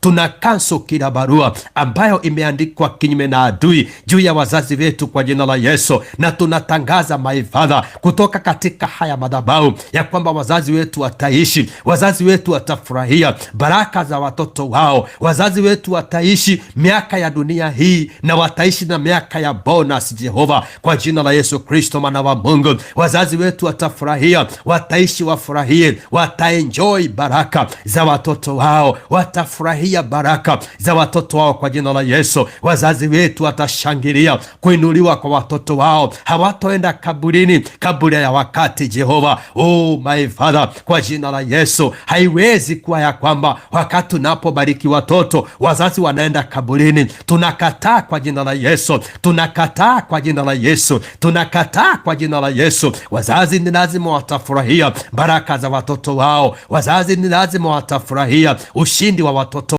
tuna kanso kila barua ambayo imeandikwa kinyume na adui juu ya wazazi wetu kwa jina la Yesu, na tunatangaza maifadha kutoka katika haya madhabahu ya kwamba wazazi wetu wataishi, wazazi wetu watafurahia baraka za watoto wao, wazazi wetu wataishi miaka ya dunia hii na wataishi na miaka ya bonus, Jehova, kwa jina la Yesu Kristo mwana wa Mungu. Wazazi wetu watafurahia, wataishi, wafurahie, wataenjoi baraka za watoto wao, watafurahia watatulia baraka za watoto wao kwa jina la Yesu. Wazazi wetu watashangilia kuinuliwa kwa watoto wao, hawatoenda kaburini kabla ya wakati. Jehova, oh my Father, kwa jina la Yesu, haiwezi kuwa ya kwamba wakati unapobariki watoto wazazi wanaenda kaburini. Tunakataa kwa jina la Yesu, tunakataa kwa jina la Yesu, tunakataa kwa jina la Yesu. Wazazi ni lazima watafurahia baraka za watoto wao, wazazi ni lazima watafurahia ushindi wa watoto